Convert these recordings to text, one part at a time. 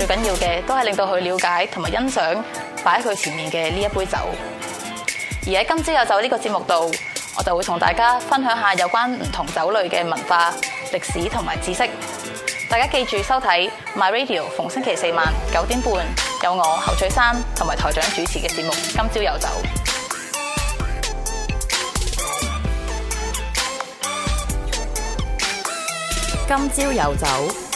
最緊要嘅都係令到佢了解同埋欣賞擺喺佢前面嘅呢一杯酒。而喺今朝有酒呢個節目度，我就會同大家分享下有關唔同酒類嘅文化、歷史同埋知識。大家記住收睇，My Radio，逢星期四晚九點半，有我侯翠珊同埋台長主持嘅節目《今朝有酒》。今朝有酒。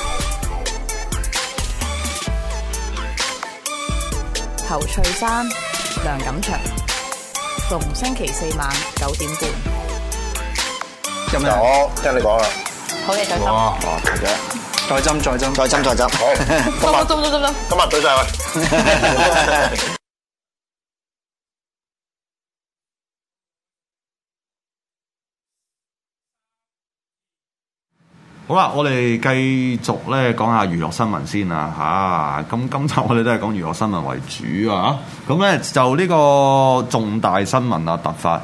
侯翠珊、梁錦祥，逢星期四晚九點半。咁樣，我聽你講啦。好嘢，再斟。哇，再斟，再斟，再斟，再斟。好，今日，今日對晒佢。好啦，我哋繼續咧講下娛樂新聞先啊，吓、啊、咁、啊、今集我哋都係講娛樂新聞為主啊，咁咧就呢個重大新聞啊，突發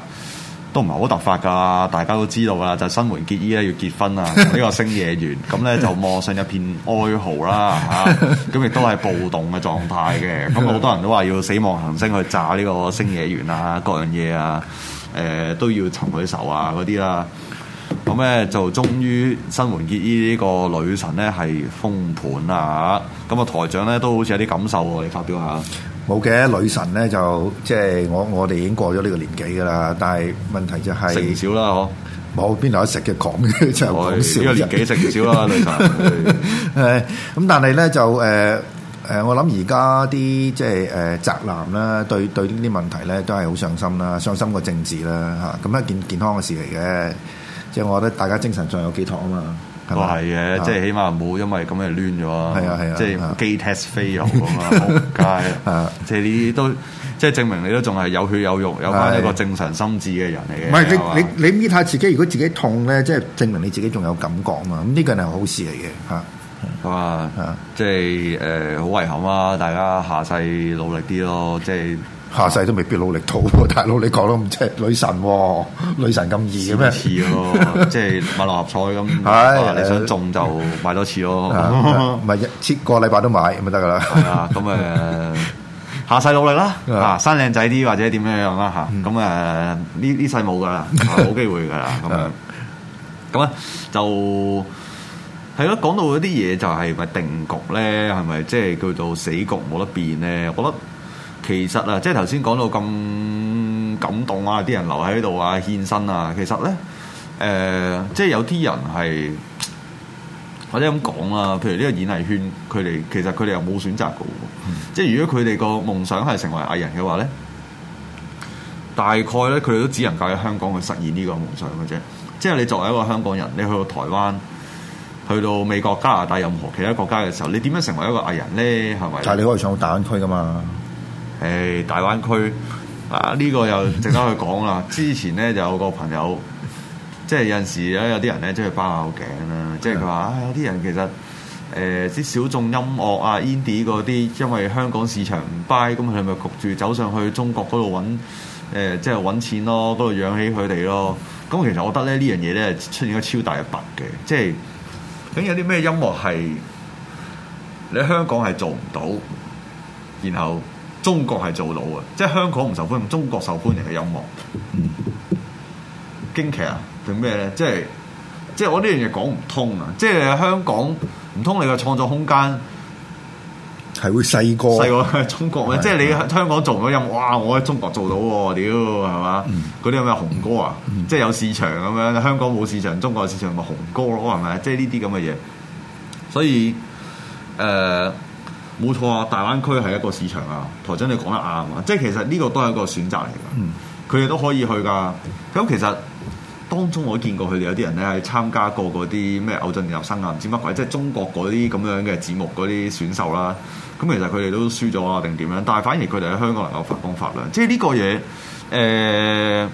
都唔係好突發噶，大家都知道啦，就是、新垣結衣咧要結婚啊，呢個星野源咁咧 就網上一片哀嚎啦，吓咁亦都係暴動嘅狀態嘅，咁好 多人都話要死亡行星去炸呢個星野源啊，各樣嘢啊，誒、呃、都要尋佢仇啊嗰啲啦。咁咧就終於新垣結衣呢個女神咧係封盤啊！咁啊台長咧都好似有啲感受喎，你發表下？冇嘅女神咧就即係我我哋已經過咗呢個年紀噶啦，但係問題就係、是、食少啦嗬！冇邊度有食嘅講嘅真係少，年紀食少啦女神。誒咁 對，但係咧就誒誒、呃，我諗而家啲即係誒宅男啦，對對呢啲問題咧都係好上心啦，傷心過政治啦嚇，咁啊件健康嘅事嚟嘅。 即係我覺得大家精神上有寄託啊嘛，都係嘅，即係起碼唔好因為咁樣亂咗，即係機 test 飛油咁啊，梗係，即係你都即係證明你都仲係有血有肉，有翻一個正常心智嘅人嚟嘅。唔係你你你搣下自己，如果自己痛咧，即係證明你自己仲有感覺啊嘛，咁呢個係好事嚟嘅吓。咁啊，即係誒，好遺憾啊，大家下世努力啲咯，即係。下世都未必努力到，大佬你講到咁即係女神，女神咁易嘅咩？似咯，即係買六合彩咁，係你想中就買多次咯，唔係一千個禮拜都買咪得噶啦。咁誒，下世努力啦，啊生靚仔啲或者點樣樣啦吓，咁誒呢呢世冇噶啦，冇機會噶啦，咁樣咁啊就係咯，講到嗰啲嘢就係咪定局咧？係咪即係叫做死局冇得變咧？我覺得。其實啊，即係頭先講到咁感動啊，啲人留喺度啊，獻身啊。其實咧，誒、呃，即係有啲人係或者咁講啊。譬如呢個演藝圈，佢哋其實佢哋又冇選擇過喎。即係如果佢哋個夢想係成為藝人嘅話咧，大概咧佢哋都只能夠喺香港去實現呢個夢想嘅啫。即係你作為一個香港人，你去到台灣、去到美國、加拿大任何其他國家嘅時候，你點樣成為一個藝人咧？係咪？但係你可以上到大灣區㗎嘛。誒、呃、大灣區啊，呢、這個又值得去講啦。 之前咧就有個朋友，即係有陣時咧有啲人咧即係包拗頸啦。即係佢話啊，有啲人其實誒啲、呃、小眾音樂啊、indie 嗰啲，因為香港市場唔 buy，咁佢咪焗住走上去中國嗰度揾誒、即係揾錢咯，嗰度養起佢哋咯。咁、嗯、其實我覺得咧呢樣嘢咧出現咗超大嘅白嘅，即係咁有啲咩音樂係你喺香港係做唔到，然後。中國係做到嘅，即係香港唔受歡迎，中國受歡迎嘅音樂，嗯、驚奇啊定咩咧？即係即係我呢樣嘢講唔通啊！即係香港唔通你個創作空間係會細個，細個中國咧，的即係你香港做唔到音樂，哇！我喺中國做到喎，屌係嘛？嗰啲、嗯、有咩紅歌啊？嗯、即係有市場咁樣，香港冇市場，中國有市場咪紅歌咯，係咪？即係呢啲咁嘅嘢，所以誒。呃冇錯啊，大灣區係一個市場啊，台長你講得啱啊，即係其實呢個都係一個選擇嚟㗎。佢哋、嗯、都可以去㗎。咁其實當中我見過佢哋有啲人咧係參加過嗰啲咩偶像練習生啊，唔知乜鬼，即係中國嗰啲咁樣嘅節目嗰啲選秀啦。咁其實佢哋都輸咗啊，定點樣？但係反而佢哋喺香港能夠發光發亮。即係呢個嘢，誒、呃、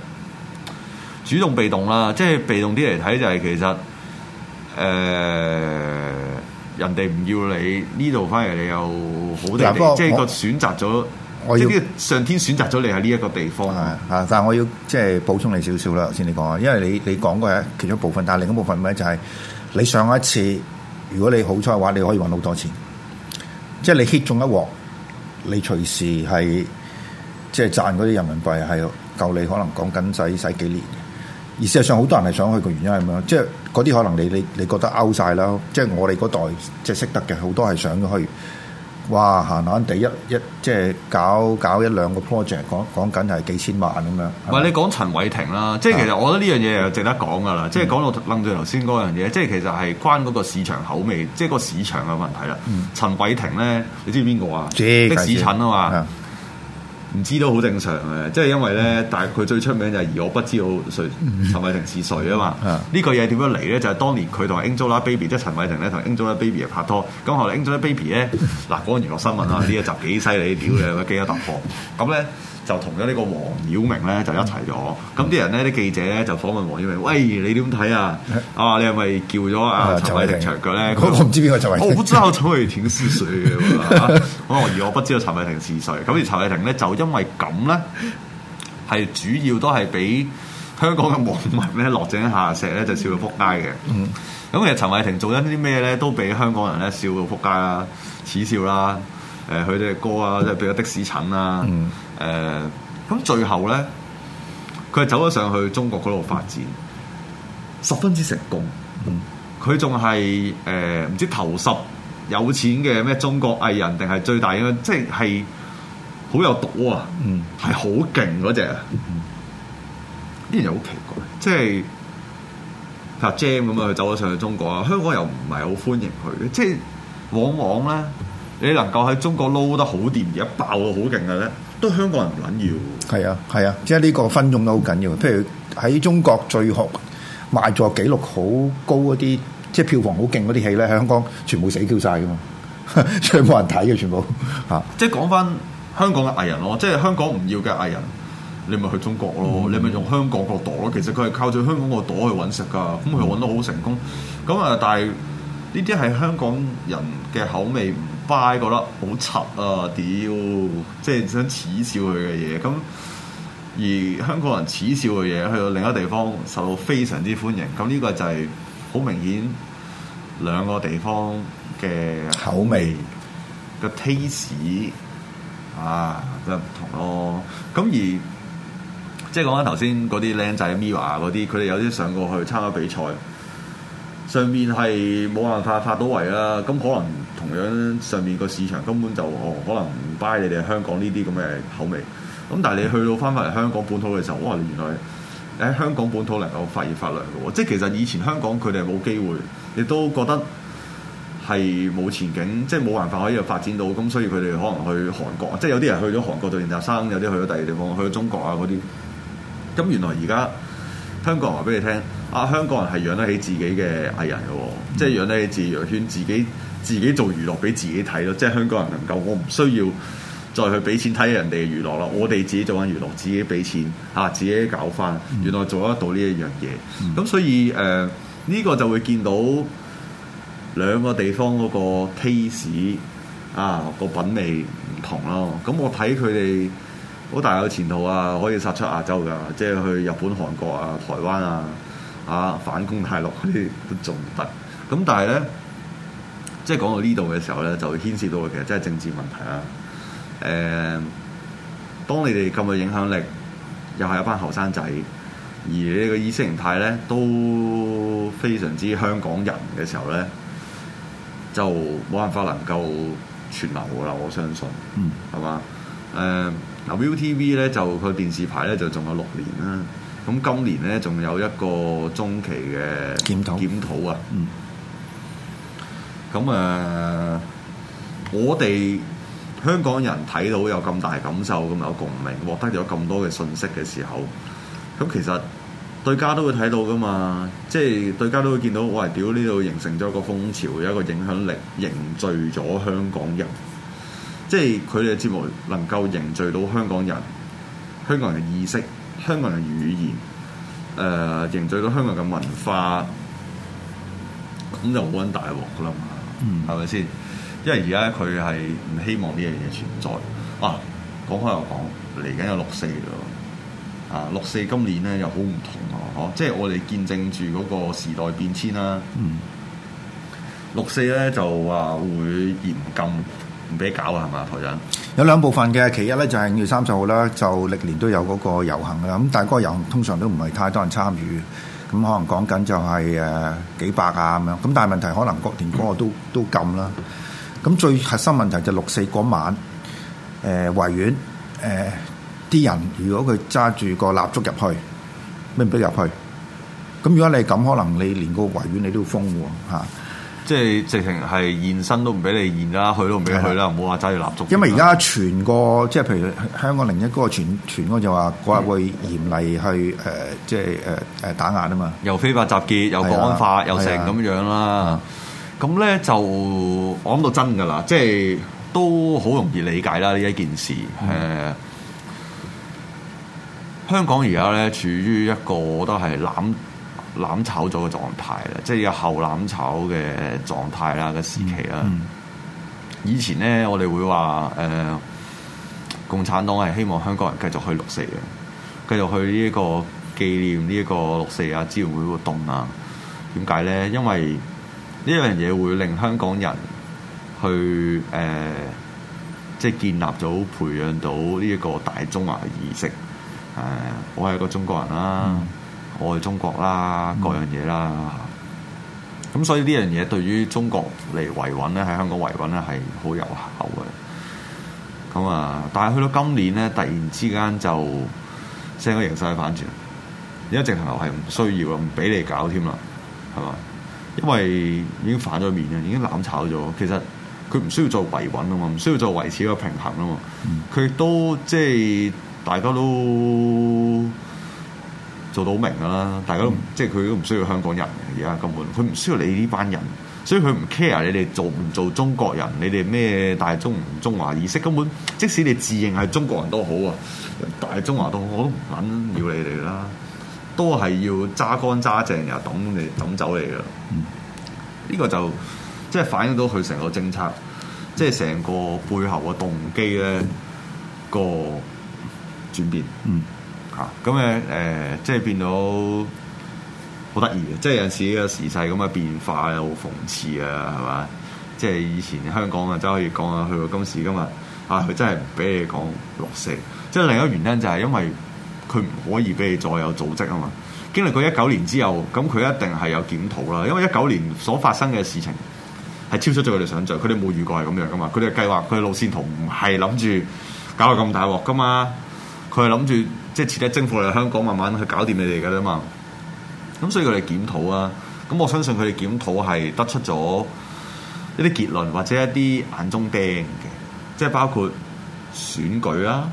主動被動啦。即係被動啲嚟睇就係其實誒。呃人哋唔要你呢度，返嚟你又好多，我即係個選擇咗，我要即上天選擇咗你喺呢一個地方。啊！但係我要即係補充你少少啦，頭先你講啊，因為你你講嘅其中一部分，但係另一部分咩、就是，就係你上一次如果你好彩嘅話，你可以揾好多錢，即係你 hit 中一鑊，你隨時係即係賺嗰啲人民幣係夠你可能講緊使使幾年。而事實上，好多人係想去嘅原因係咁樣，即係嗰啲可能你你你覺得 out 晒啦，即係我哋嗰代即係識得嘅，好多係想去，哇，閒閒哋一一,一即係搞搞一兩個 project，講講緊係幾千萬咁樣。唔係你講陳偉霆啦，即係其實我覺得呢樣嘢又值得講噶啦，即係講到諗住頭先嗰樣嘢，嗯、即係其實係關嗰個市場口味，即係個市場嘅問題啦。嗯、陳偉霆咧，你知邊個啊？的士陳啊嘛。唔知都好正常嘅，即係因為咧，但係佢最出名就係而我不知道誰陳偉霆是誰啊嘛。嗯、個呢個嘢點樣嚟咧？就係、是、當年佢同 Angelababy，即係陳偉霆咧同 Angelababy 係拍拖，咁後嚟 Angelababy 咧嗱講娛樂 新聞啊，呢一集幾犀利屌嘅，有冇記得突破咁咧？就同咗呢個黃曉明咧就一齊咗，咁啲人咧啲記者咧就訪問黃曉明，喂，你點睇啊？啊，你係咪叫咗啊，啊？陳偉霆長腳咧？啊、我唔知邊個陳偉霆。是 我好憎佢霆私水嘅。我而我不知道陳偉霆是， 是誰。咁而陳偉霆咧就因為咁咧，係主要都係俾香港嘅網民咧落井下石咧，就笑到撲街嘅。嗯。咁其實陳偉霆做緊啲咩咧，都俾香港人咧笑到撲街啦，恥笑啦。誒，佢哋嘅歌啊，即係譬如的士襯啦。 嗯誒，咁、呃、最後咧，佢係走咗上去中國嗰度發展，十分之成功。佢仲係誒，唔、呃、知頭十有錢嘅咩中國藝人定係最大嘅，即係好有賭啊，係好勁嗰隻啊。呢樣好奇怪，即係阿 Gem 咁，佢走咗上去中國啊，香港又唔係好歡迎佢，即係往往咧，你能夠喺中國撈得好掂，而家爆到好勁嘅咧。都香港人唔撚要，啊，係啊，係啊，即係呢個分眾都好緊要。譬如喺中國最學賣座紀錄好高嗰啲，即係票房好勁嗰啲戲咧，喺香港全部死翹晒噶嘛，所以冇人睇嘅全部嚇。啊、即係講翻香港嘅藝人咯，即係香港唔要嘅藝人，你咪去中國咯，嗯、你咪用香港個朵咯。其實佢係靠住香港個朵去揾食噶，咁佢揾得好成功。咁啊，但係呢啲係香港人嘅口味拜覺得好柒啊！屌，即係想恥笑佢嘅嘢。咁而香港人恥笑嘅嘢，去到另一個地方受到非常之歡迎。咁、這、呢個就係好明顯兩個地方嘅口味嘅 taste 啊，真係唔同咯。咁而即係講翻頭先嗰啲靚仔 MIRROR 嗰啲，佢哋有啲上過去參加比賽，上面係冇辦法發到圍啦。咁可能。同樣上面個市場根本就哦，可能唔拜你哋香港呢啲咁嘅口味。咁但係你去到翻返嚟香港本土嘅時候，哇！你原來喺香港本土能夠發熱發亮嘅喎，即係其實以前香港佢哋冇機會，亦都覺得係冇前景，即係冇辦法可以發展到。咁所以佢哋可能去韓國，即係有啲人去咗韓國做練習生，有啲去咗第二地方，去咗中國啊嗰啲。咁原來而家香港人話俾你聽啊，香港人係養得起自己嘅藝人嘅喎，即係、嗯、養得起自己，圈自己。自己做娛樂俾自己睇咯，即係香港人能夠，我唔需要再去俾錢睇人哋嘅娛樂啦。我哋自己做緊娛樂，自己俾錢嚇、啊，自己搞翻，原來做得到呢一樣嘢。咁、嗯、所以誒，呢、呃這個就會見到兩個地方嗰個 case 啊，個品味唔同咯。咁我睇佢哋好大有前途啊，可以殺出亞洲㗎，即係去日本、韓國啊、台灣啊、啊反攻大陸嗰啲都做唔得。咁但係呢。即係講到呢度嘅時候咧，就會牽涉到嘅其實真係政治問題啦。誒、呃，當你哋咁嘅影響力，又係一班後生仔，而你哋嘅意識形態咧都非常之香港人嘅時候咧，就冇辦法能夠存留嘅啦。我相信，嗯，係嘛？誒、呃，嗱 ViuTV 咧就個電視牌咧就仲有六年啦。咁今年咧仲有一個中期嘅檢討檢討啊。嗯。咁誒、嗯，我哋香港人睇到有咁大感受，咁有共鳴，獲得咗咁多嘅信息嘅時候，咁其實對家都會睇到噶嘛，即、就、係、是、對家都會見到，喂，表呢度形成咗一個風潮，有一個影響力，凝聚咗香港人，即係佢哋嘅節目能夠凝聚到香港人，香港人意識、香港人語言，誒、呃、凝聚到香港嘅文化，咁就冇揾大鑊噶啦嘛～嗯，係咪先？因為而家佢係唔希望呢樣嘢存在。哇、啊，講開又講，嚟緊有六四喎。啊，六四今年咧又好唔同嗬、啊，即係我哋見證住嗰個時代變遷啦。嗯，六四咧就話會嚴禁，唔俾搞啊，係嘛，台長？有兩部分嘅，其一咧就係五月三十號啦，就歷年都有嗰個遊行啦。咁但係嗰個遊行通常都唔係太多人參與。咁可能講緊就係誒幾百啊，咁樣，咁但係問題可能各田嗰個都都禁啦。咁最核心問題就六四嗰晚，誒、呃、維園誒啲、呃、人如果佢揸住個蠟燭入去，咩唔俾入去？咁如果你係咁，可能你連個維園你都要封喎嚇。即係直情係現身都唔俾你現啦，去都唔俾你去啦，唔好話揸住蠟燭。因為而家全個即係譬如香港另一個傳傳就話，嗰日、嗯、會嚴厲去誒、呃，即係誒誒打壓啊嘛。又非法集結，又國安法，是啊、又成咁樣啦。咁咧是、啊、就我諗到真㗎啦，即係都好容易理解啦呢一件事。誒、嗯呃，香港而家咧處於一個都係攬。攬炒咗嘅狀態啦，即係有後攬炒嘅狀態啦嘅時期啦。Mm hmm. 以前呢，我哋會話誒，共產黨係希望香港人繼續去六四，嘅，繼續去呢一個紀念呢一個六四啊支援會活動啊。點解呢？因為呢樣嘢會令香港人去誒、呃，即係建立咗、培養到呢一個大中華意識。誒、呃，我係一個中國人啦。Mm hmm. 愛中國啦，各樣嘢啦，咁、嗯、所以呢樣嘢對於中國嚟維穩咧，喺香港維穩咧係好有效嘅。咁、嗯、啊，但係去到今年咧，突然之間就成個形勢反轉，而家直頭係唔需要唔俾你搞添啦，係嘛？因為已經反咗面啊，已經攬炒咗，其實佢唔需要再維穩啊嘛，唔需要再維持一個平衡啊嘛，佢、嗯、都即係大家都。做到明㗎啦，大家都即係佢都唔需要香港人，而家根本佢唔需要你呢班人，所以佢唔 care 你哋做唔做中國人，你哋咩大中唔中華意識，根本即使你自認係中國人都好啊，大中華都好，我都唔肯要你哋啦，都係要揸乾揸淨又抌你抌走你噶啦，呢、嗯、個就即係、就是、反映到佢成個政策，即係成個背後嘅動機咧個轉變。嗯嚇咁咧誒，即係變到好得意嘅，即係有陣時嘅時勢咁嘅變化又好諷刺啊，係嘛？即係以前香港啊，真可以講啊，去到今時今日，啊，佢真係唔俾你講六四。即係另一個原因就係因為佢唔可以俾你再有組織啊嘛。經歷過一九年之後，咁佢一定係有檢討啦。因為一九年所發生嘅事情係超出咗佢哋想像，佢哋冇遇過係咁樣噶嘛。佢哋嘅計劃、佢嘅路線圖唔係諗住搞到咁大鑊噶嘛。佢係諗住。即係徹底征服嚟香港，慢慢去搞掂你哋噶啦嘛。咁所以佢哋檢討啊，咁我相信佢哋檢討係得出咗一啲結論，或者一啲眼中釘嘅，即係包括選舉啦、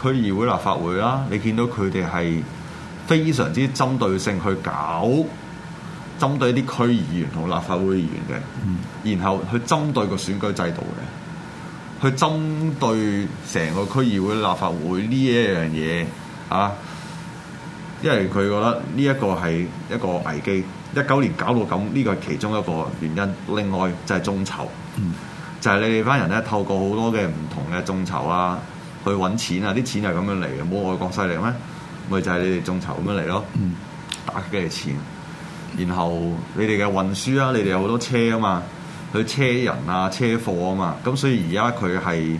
區議會、立法會啦。你見到佢哋係非常之針對性去搞，針對啲區議員同立法會議員嘅，嗯、然後去針對個選舉制度嘅。去針對成個區議會、立法會呢一樣嘢、啊、因為佢覺得呢一個係一個危機。一九年搞到咁，呢個係其中一個原因。另外就係眾籌，嗯、就係你哋班人呢透過好多嘅唔同嘅眾籌啊，去揾錢啊，啲錢係咁樣嚟嘅。冇外國勢力咩？咪就係你哋眾籌咁樣嚟咯，嗯、打幾多錢？然後你哋嘅運輸啊，你哋有好多車啊嘛。佢車人啊，車貨啊嘛，咁所以而家佢係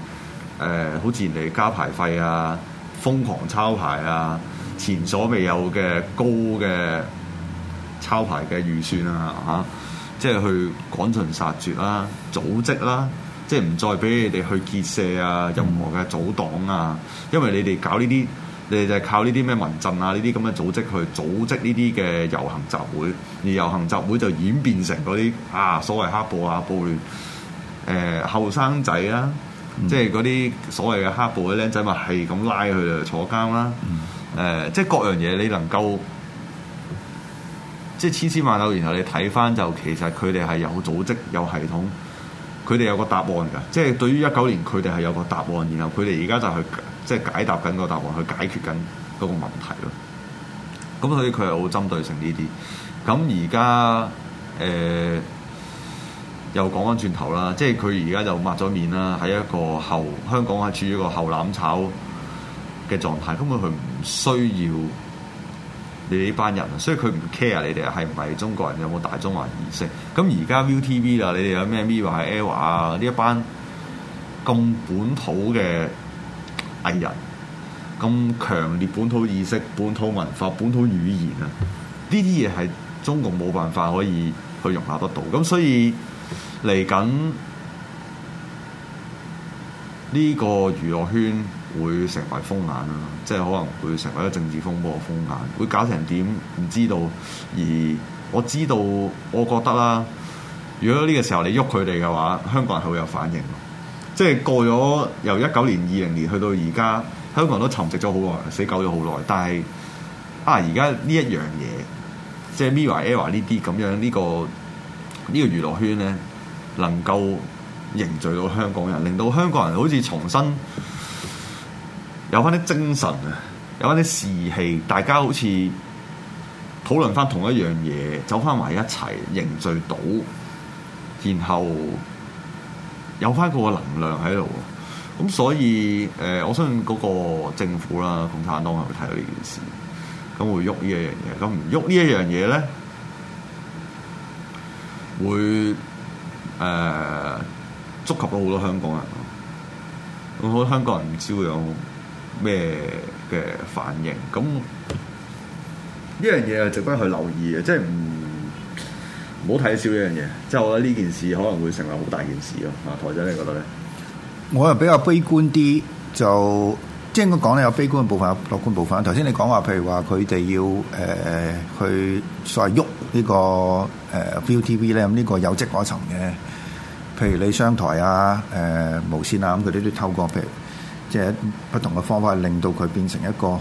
誒，好似人哋加牌費啊，瘋狂抄牌啊，前所未有嘅高嘅抄牌嘅預算啊，嚇、啊，即係去趕盡殺絕啦、啊，組織啦、啊，即係唔再俾你哋去結社啊，任何嘅組黨啊，因為你哋搞呢啲。你就係靠呢啲咩民陣啊，呢啲咁嘅組織去組織呢啲嘅遊行集會，而遊行集會就演變成嗰啲啊，所謂黑暴啊，暴亂，誒後生仔啊，嗯、即係嗰啲所謂嘅黑暴嘅靚仔，咪係咁拉佢嚟坐監啦、啊，誒、呃、即係各樣嘢你能夠即係千絲萬縷，然後你睇翻就其實佢哋係有組織有系統，佢哋有個答案㗎，即係對於一九年佢哋係有個答案，然後佢哋而家就係。即係解答緊個答案，去解決緊嗰個問題咯。咁所以佢係好針對性呢啲。咁而家誒又講翻轉頭啦，即係佢而家就抹咗面啦，喺一個後香港係處於一個後攬炒嘅狀態，根本佢唔需要你哋呢班人，所以佢唔 care 你哋係唔係中國人，有冇大中華意識。咁而家 ViuTV 啦，你哋有咩 Mirror、Error 啊呢一班咁本土嘅。藝人咁強烈本土意識、本土文化、本土語言啊，呢啲嘢係中共冇辦法可以去容納得到。咁所以嚟緊呢個娛樂圈會成為風眼啦，即係可能會成為一個政治風波嘅風眼，會搞成點唔知道。而我知道，我覺得啦，如果呢個時候你喐佢哋嘅話，香港人係會有反應。即係過咗由一九年、二零年去到而家，香港人都沉寂咗好耐，死狗咗好耐。但係啊，而家呢一樣嘢，即係 MIRROR、ERROR 呢啲咁樣呢個呢、呢個娛樂圈咧，能夠凝聚到香港人，令到香港人好似重新有翻啲精神啊，有翻啲士氣，大家好似討論翻同一樣嘢，走翻埋一齊，凝聚到，然後，有翻個能量喺度，咁所以誒、呃，我相信嗰個政府啦、共產黨係會睇到呢件事，咁會喐呢一樣嘢，咁唔喐呢一樣嘢咧，會誒、呃、觸及到好多香港人，咁好多香港人唔知會有咩嘅反應，咁呢樣嘢又值得去留意啊！即係唔～唔好睇少呢樣嘢，即係我覺得呢件事可能會成為好大件事咯。啊，台仔你覺得咧？我又比較悲觀啲，就即係應該講你有悲觀嘅部分，有樂觀部分。頭先你講話，譬如話佢哋要誒、呃、去所謂喐、這個呃、呢個誒 ViuTV 咧，咁、這、呢個有跡可尋嘅。譬如你商台啊，誒、呃、無線啊，咁佢哋都透過譬如即係不同嘅方法，令到佢變成一個。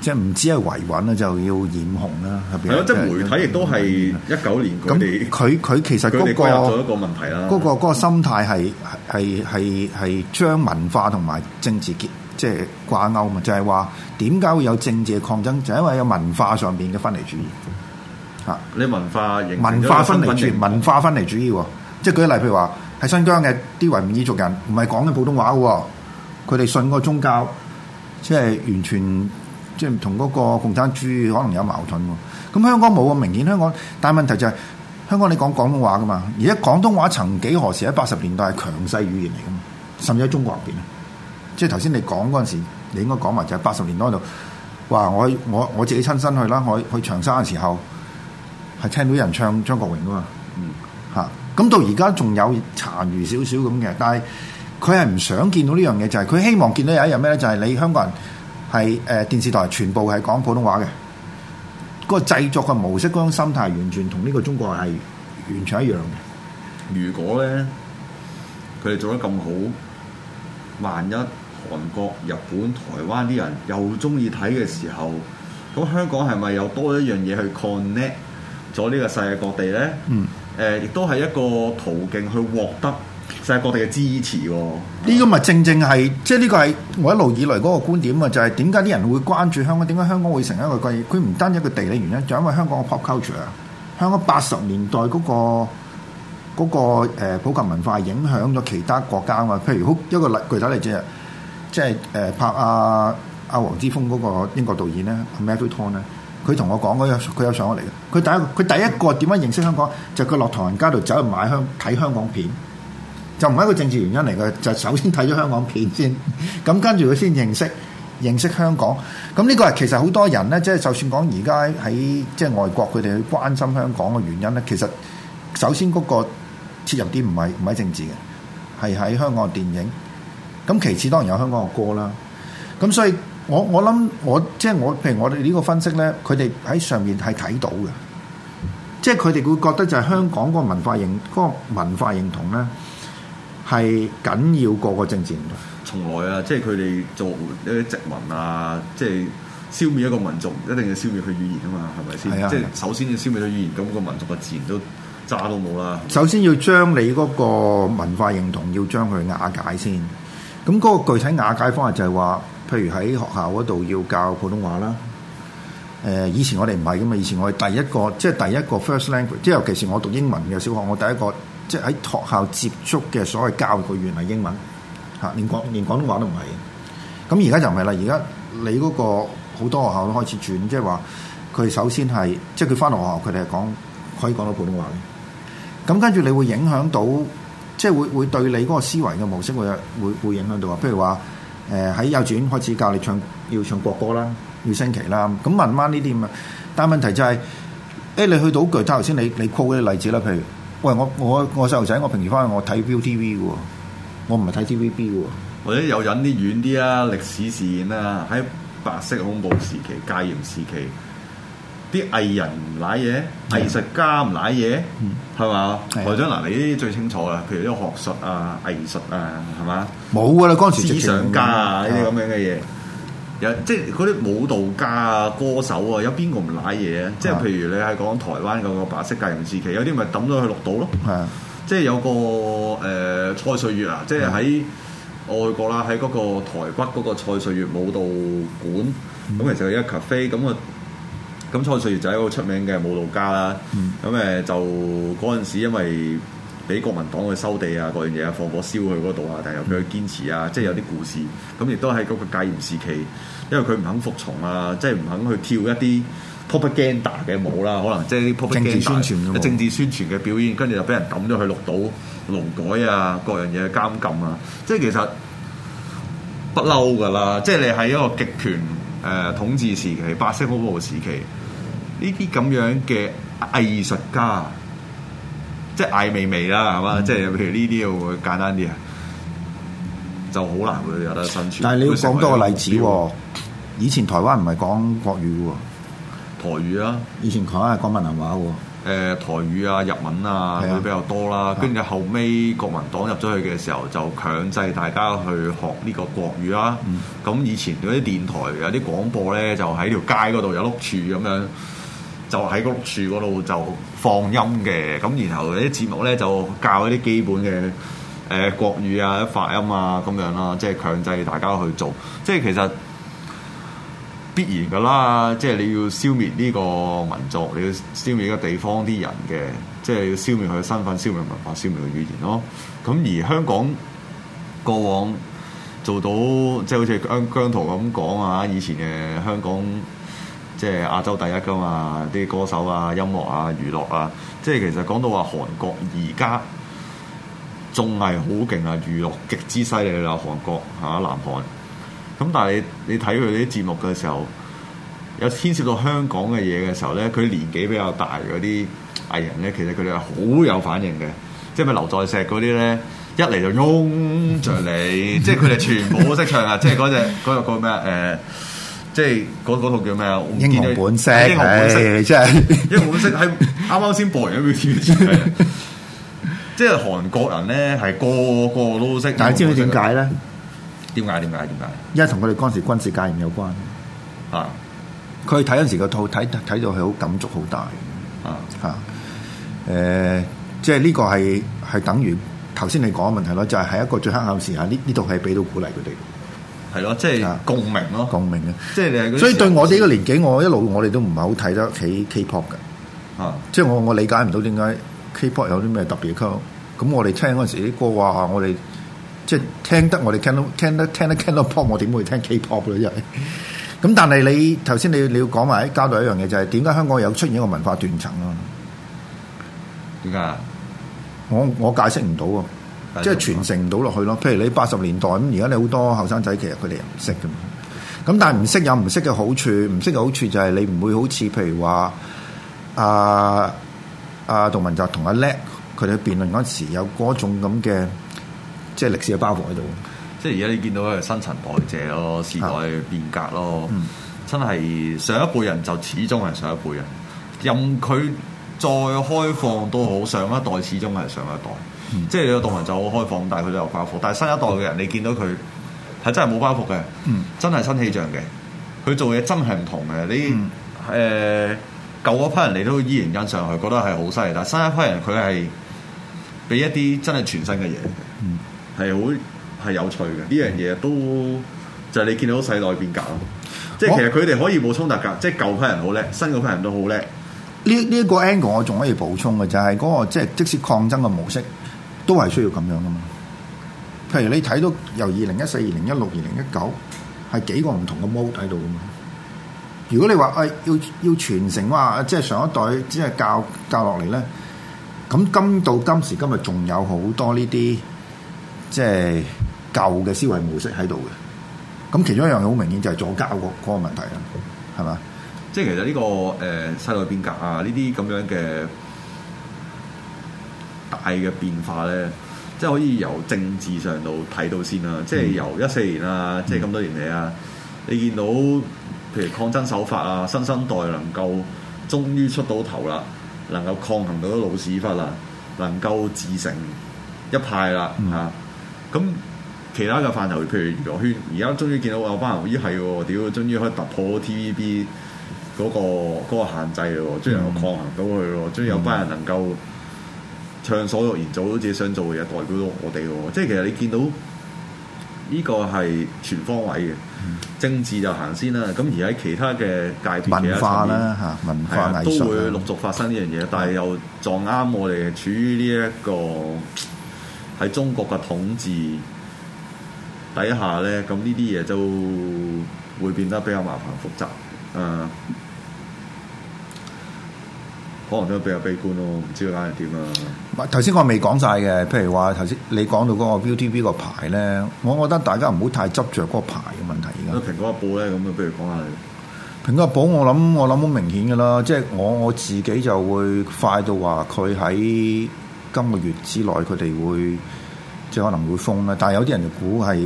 即係唔知係維穩啦，就要染紅啦，係咪？係咯、啊，即係媒體亦都係一九年佢哋咁，佢佢其實嗰、嗰個，佢掛咗一個問題啦。嗰、嗰個、嗰個心態係係係係將文化同埋政治結即係掛鈎嘛？就係話點解會有政治嘅抗爭？就係、是、因為有文化上邊嘅分離主義啊！你文化文化分離主義，文化分離主義，主義啊、即係舉例，譬如話喺新疆嘅啲維吾爾族人唔係講緊普通話嘅，佢哋信個宗教，即係完全。即係唔同嗰個共產主義可能有矛盾喎，咁香港冇咁明顯香港。但係問題就係、是、香港你講廣東話噶嘛，而家廣東話曾幾何時喺八十年代係強勢語言嚟噶嘛，甚至喺中國入邊。即係頭先你講嗰陣時，你應該講埋就係八十年代度，哇！我我我自己親身去啦，我去長沙嘅時候係聽到啲人唱張國榮噶嘛，嚇、嗯。咁、嗯、到而家仲有殘餘少少咁嘅，但係佢係唔想見到呢樣嘢，就係、是、佢希望見到有一樣咩咧，就係、是、你香港人。係誒、呃、電視台全部係講普通話嘅，嗰、嗰個製作嘅模式、嗰種心態，完全同呢個中國係完全一樣嘅。如果咧佢哋做得咁好，萬一韓國、日本、台灣啲人又中意睇嘅時候，咁香港係咪又多一樣嘢去 connect 咗呢個世界各地咧？誒、嗯呃，亦都係一個途徑去獲得。世界各地嘅支持喎、哦，呢個咪正正係，即係呢個係我一路以來嗰個觀點啊！就係點解啲人會關注香港？點解香港會成一個季？佢唔單一個地理原因，就因為香港嘅 pop culture，啊。香港八十年代嗰、那個嗰、那個普及文化影響咗其他國家啊嘛。譬如好一個例，具體例子，即係誒拍阿阿黃之鋒嗰個英國導演咧 Matthew Tong 咧，佢同、mm hmm. 啊、我講佢有，有上過嚟嘅。佢第一佢第一個點樣認識香港，就佢落唐人街度走去買香睇香港片。就唔係一個政治原因嚟嘅，就首先睇咗香港片先，咁 跟住佢先認識認識香港。咁呢個係其實好多人咧，即係就算講而家喺即係外國，佢哋去關心香港嘅原因咧，其實首先嗰個切入點唔係唔係政治嘅，係喺香港嘅電影。咁其次當然有香港嘅歌啦。咁所以我我諗我即係、即係、我譬如我哋呢個分析咧，佢哋喺上面係睇到嘅，即係佢哋會覺得就係香港嗰、嗰個文化認嗰文化認同咧。係緊要個個政治人，從來啊，即係佢哋做一啲殖民啊，即係消滅一個民族，一定要消滅佢語言啊嘛，係咪先？係啊，即係首先要消滅咗語言，咁係，個民族嘅自然都渣都冇啦。首先要將你嗰個文化認同要將佢瓦解先。咁嗰個具體瓦解方法就係話，譬如喺學校嗰度要教普通話啦。誒，以前我哋唔係㗎嘛，以前我係第一個，即係第一個 first language，即係尤其是我讀英文嘅小學，我第一個。即係喺學校接觸嘅所謂教育語言係英文，嚇，連廣連廣東話都唔係。咁而家就唔係啦，而家你嗰個好多學校都開始轉，即係話佢首先係，即係佢返到學校佢哋係講可以講到普通話。咁跟住你會影響到，即係會會對你嗰個思維嘅模式會會會影響到啊。譬如話誒喺幼稚園開始教你唱要唱國歌啦，要升旗啦，咁問返呢啲咁啊。但係問題就係、係、誒、欸、你去到具體，頭先，你你 quote 嗰啲例子啦，譬如。喂，我我我細路仔，我平時翻去我睇 Viu TV 嘅，我唔係睇 TVB 嘅，或者又引啲遠啲啊，歷史事件啊，喺白色恐怖時期，戒嚴時期，啲藝人唔瀨嘢，藝術家唔瀨嘢，係嘛的？何總嗱， 你最清楚啦，譬如啲學術啊、藝術啊，係嘛？冇噶啦，嗰陣時思想家啊，呢啲咁樣嘅嘢。有即係嗰啲舞蹈家啊、歌手啊，有邊個唔瀨嘢啊？即係譬如你係講台灣嗰個白色戒嚴時期，有啲咪抌咗去綠島咯。係是的、呃，即係有個誒蔡瑞月啊，即係喺外國啦，喺嗰個台北嗰個蔡瑞月舞蹈館，咁、嗯、其實係一 cafe 咁啊、那個。咁蔡瑞月就係一個出名嘅舞蹈家啦。咁誒、嗯、就嗰陣時因為，俾國民黨去收地啊，各樣嘢啊，放火燒佢嗰度啊，但係由佢去堅持啊，嗯、即係有啲故事咁，亦都喺嗰個戒嚴時期，因為佢唔肯服從啊，即係唔肯去跳一啲 propaganda 嘅舞啦，可能即係啲政治宣傳嘅政治宣傳嘅表演，跟住就俾人抌咗去綠島勞改啊，各樣嘢監禁啊，即係其實不嬲噶啦，即係你喺一個極權誒統治時期、白色恐怖時期，呢啲咁樣嘅藝術家。即係艾微微啦，係嘛、mm？Hmm. 即係譬如呢啲會簡單啲啊，就好難會有得生存。但係你要講多個例子喎。嗯、以前台灣唔係講國語喎，台語啊，以前台灣係講閩南話喎。台語啊、日文啊，佢、啊、比較多啦。跟住、啊、後尾國民黨入咗去嘅時候，就強制大家去學呢個國語啦。咁、嗯、以前嗰啲電台有啲廣播咧，就喺條街嗰度有碌柱咁樣。就喺棵樹嗰度就放音嘅，咁然後啲節目咧就教一啲基本嘅誒、呃、國語啊、發音啊咁樣啦，即係強制大家去做，即係其實必然噶啦，即係你要消滅呢個民族，你要消滅呢個地方啲人嘅，即係要消滅佢嘅身份、消滅文化、消滅佢語言咯。咁而香港過往做到即係好似姜姜濤咁講啊，以前嘅香港。即係亞洲第一㗎嘛，啲歌手啊、音樂啊、娛樂啊，即係其實講到話韓國而家仲係好勁啊，娛樂極之犀利啦，韓國嚇、啊、南韓。咁但係你睇佢哋啲節目嘅時候，有牽涉到香港嘅嘢嘅時候咧，佢年紀比較大嗰啲藝人咧，其實佢哋係好有反應嘅。即係咪劉在石嗰啲咧，一嚟就擁着你， 即係佢哋全部好識唱啊！即係嗰隻嗰個咩啊、嗰個即係嗰套叫咩啊？英雄本色，欸、英雄本色，即係英雄本色剛剛。喺啱啱先播完嗰部 t v 即係韓國人咧，係個，個個都識。但係知唔知點解咧？點解？點解？點解？因為同佢哋嗰陣時軍事戒嚴有關啊！佢睇嗰時個套睇睇到佢好感觸，好大啊啊！誒、啊呃，即係呢個係係等於頭先你講嘅問題咯，就係、是、喺一個最黑暗時刻，呢呢度係俾到鼓勵佢哋。係咯，即係共鳴咯，共鳴啊！即係所以對我哋呢個年紀，我一路我哋都唔係好睇得起 K-pop 嘅，啊！即係我我理解唔到點解 K-pop 有啲咩特別曲，咁我哋聽嗰陣時啲歌話我哋即係聽得我哋聽得聽得聽得我點會聽 K-pop 咧？咁 但係你頭先你你要講埋，交代一樣嘢就係點解香港有出現一個文化斷層咯？點解？我我解釋唔到啊！即係傳承唔到落去咯，譬如你八十年代咁，而家你好多後生仔，其實佢哋又唔識嘅嘛。咁但係唔識有唔識嘅好處，唔識嘅好處就係你唔會好似譬如話阿阿杜汶澤同阿叻佢哋辯論嗰時有嗰種咁嘅即係歷史嘅包袱喺度。即係而家你見到佢係新陳代謝咯，時代嘅變革咯，嗯、真係上一輩人就始終係上一輩人，任佢再開放都好，嗯、上一代始終係上一代。即係你個動員就好開放，但係佢都有包袱。但係新一代嘅人，你見到佢係真係冇包袱嘅，真係新氣象嘅。佢做嘢真係唔同嘅。你誒舊嗰批人，你都依然欣賞佢，覺得係好犀利。但係新一批人，佢係俾一啲真係全新嘅嘢，係好係有趣嘅。呢樣嘢都就係你見到世代變革。即係其實佢哋可以冇衝突㗎。即係舊批人好叻，新嗰批人都好叻。呢呢一個 angle 我仲可以補充嘅就係嗰個即係即使抗爭嘅模式。都係需要咁樣啊嘛！譬如你睇到由二零一四、二零一六、二零一九，係幾個唔同嘅 mode 喺度嘅嘛。如果你話誒要要傳承哇，即係上一代即係教教落嚟咧，咁今到今時今日仲有好多呢啲即係舊嘅思維模式喺度嘅。咁其中一樣嘢好明顯就係左膠個嗰個問題啦，係嘛？即係其實呢個誒世代變革啊，呢啲咁樣嘅。大嘅變化咧，即係可以由政治上度睇到先啦。即係由一四年啊，嗯、即係咁多年嚟啊，你見到譬如抗爭手法啊，新生代能夠終於出到頭啦，能夠抗衡到老屎忽啦，能夠自成一派啦嚇。咁、嗯啊、其他嘅範疇，譬如娛樂圈，而家終於見到有班人咦係喎，屌、哎、終於可以突破 TVB 嗰、嗰個嗰個限制喎，終於有抗衡到佢咯，嗯嗯、終於有班人能夠暢所欲言，做到自己想做嘅嘢，代表到我哋。即係其實你見到呢、呢個係全方位嘅、嗯、政治就行先啦。咁而喺其他嘅界別嘅文化啦，吓文化藝術都會陸續發生呢樣嘢。但係又撞啱我哋、嗯、處於呢、呢、一個喺中國嘅統治底下咧，咁呢啲嘢就會變得比較麻煩複雜。嗯。可能都比較悲觀咯，唔知硬係點啊！頭先我未講晒嘅，譬如話頭先你講到嗰個 ViuTV 個牌咧，我覺得大家唔好太執着嗰個牌嘅問題而家。咁蘋果嘅報咧咁，不如講下你蘋果嘅報，我諗我諗好明顯嘅啦，即係我我自己就會快到話佢喺今個月之內佢哋會即係可能會封啦，但係有啲人就估係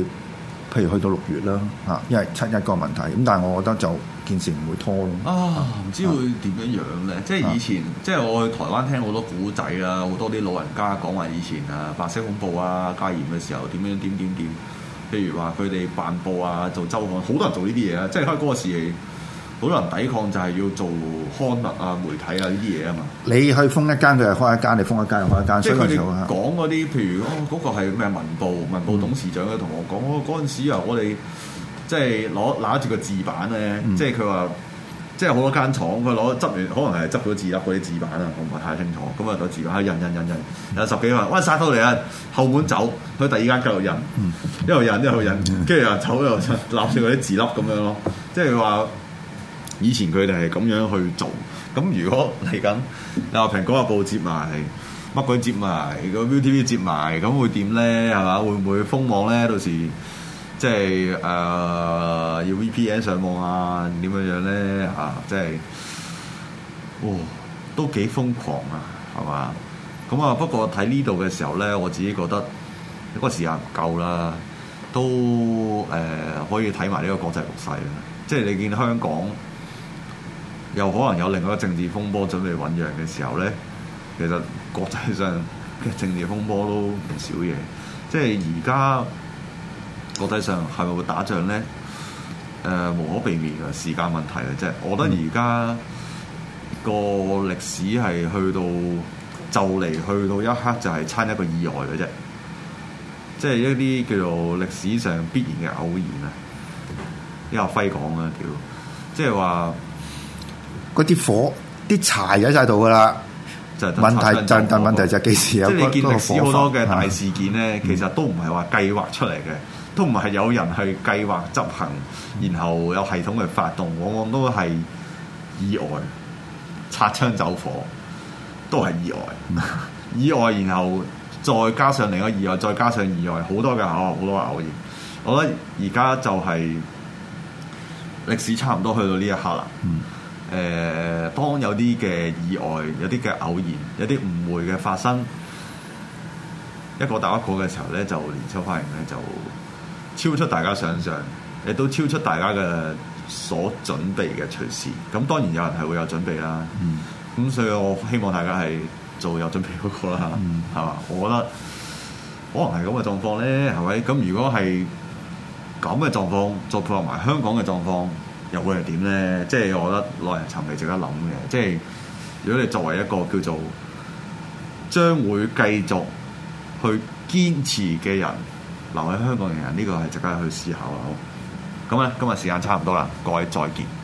譬如去到六月啦嚇，因為七一個問題咁，但係我覺得就，件事唔會拖咯，啊唔知會點樣樣咧？啊、即係以前，啊、即係我去台灣聽好多古仔啊，好多啲老人家講話以前啊，白色恐怖啊，戒嚴嘅時候點樣點點點。譬如話佢哋辦報啊，做周刊，好多人做呢啲嘢啊。即係嗰個時期，好多人抵抗就係要做刊物啊、媒體啊呢啲嘢啊嘛。你去封一間，佢又開一間，你封一間，又開一間。所以即係佢哋講嗰啲，嗯、譬如嗰嗰、哦嗰個係咩文報？文報董事長嘅同我講，嗰嗰陣時啊我哋。嗯嗯嗯嗯嗯嗯即係攞攬住個字板咧、嗯，即係佢話，即係好多間廠佢攞執完，可能係執到字粒嗰啲字板啦，我唔係太清楚。咁啊攞字板，印印印印，印」，有十幾萬，喂殺到嚟啊，後門走，去第二間繼續印、嗯，一路印，一路印，跟住又走又攬住嗰啲字粒咁樣咯。嗯、即係佢話以前佢哋係咁樣去做，咁如果嚟緊，你話蘋果個報接埋，乜鬼接埋，個 ViuTV 接埋，咁會點咧？係嘛，會唔會封網咧？到時？即係誒、呃、要 VPN 上網啊，點樣樣咧嚇？即係，哇、呃，都幾瘋狂啊，係嘛？咁啊，不過睇呢度嘅時候咧，我自己覺得嗰個時間唔夠啦，都誒、呃、可以睇埋呢個國際局勢啦。即係你見香港又可能有另外一個政治風波準備醞釀嘅時候咧，其實國際上嘅政治風波都唔少嘢。即係而家。國際上係咪會打仗咧？誒、呃，無可避免嘅時間問題嚟啫。我覺得而家個歷史係去到就嚟去到一刻，就係差一個意外嘅啫。即係一啲叫做歷史上必然嘅偶然啊！依阿輝講啊，屌，即係話嗰啲火、啲柴喺晒度噶啦。就問題但係但但問題就係幾時有、那個？即係你見歷史好多嘅大事件咧，嗯、其實都唔係話計劃出嚟嘅。都唔係有人去計劃執行，然後有系統嘅發動，往往都係意外、擦槍走火，都係意外、 意外，然後再加上另一個意外，再加上意外，好多嘅巧合，好、啊、多偶然。我覺得而家就係歷史差唔多去到呢一刻啦。誒、嗯呃，當有啲嘅意外、有啲嘅偶然、有啲誤會嘅發生，一個打一個嘅時候咧，就年初翻嚟咧就。超出大家想像，亦都超出大家嘅所準備嘅隨時，咁當然有人係會有準備啦。咁、嗯、所以我希望大家係做有準備嗰個啦嚇，係嘛、嗯？我覺得可能係咁嘅狀況咧，係咪？咁如果係咁嘅狀況再配合埋香港嘅狀況又會係點咧？即係我覺得耐人尋味，值得諗嘅。即係如果你作為一個叫做將會繼續去堅持嘅人。留喺香港嘅人，呢、這個係值得去思考啊！好，咁咧，今日時間差唔多啦，各位再見。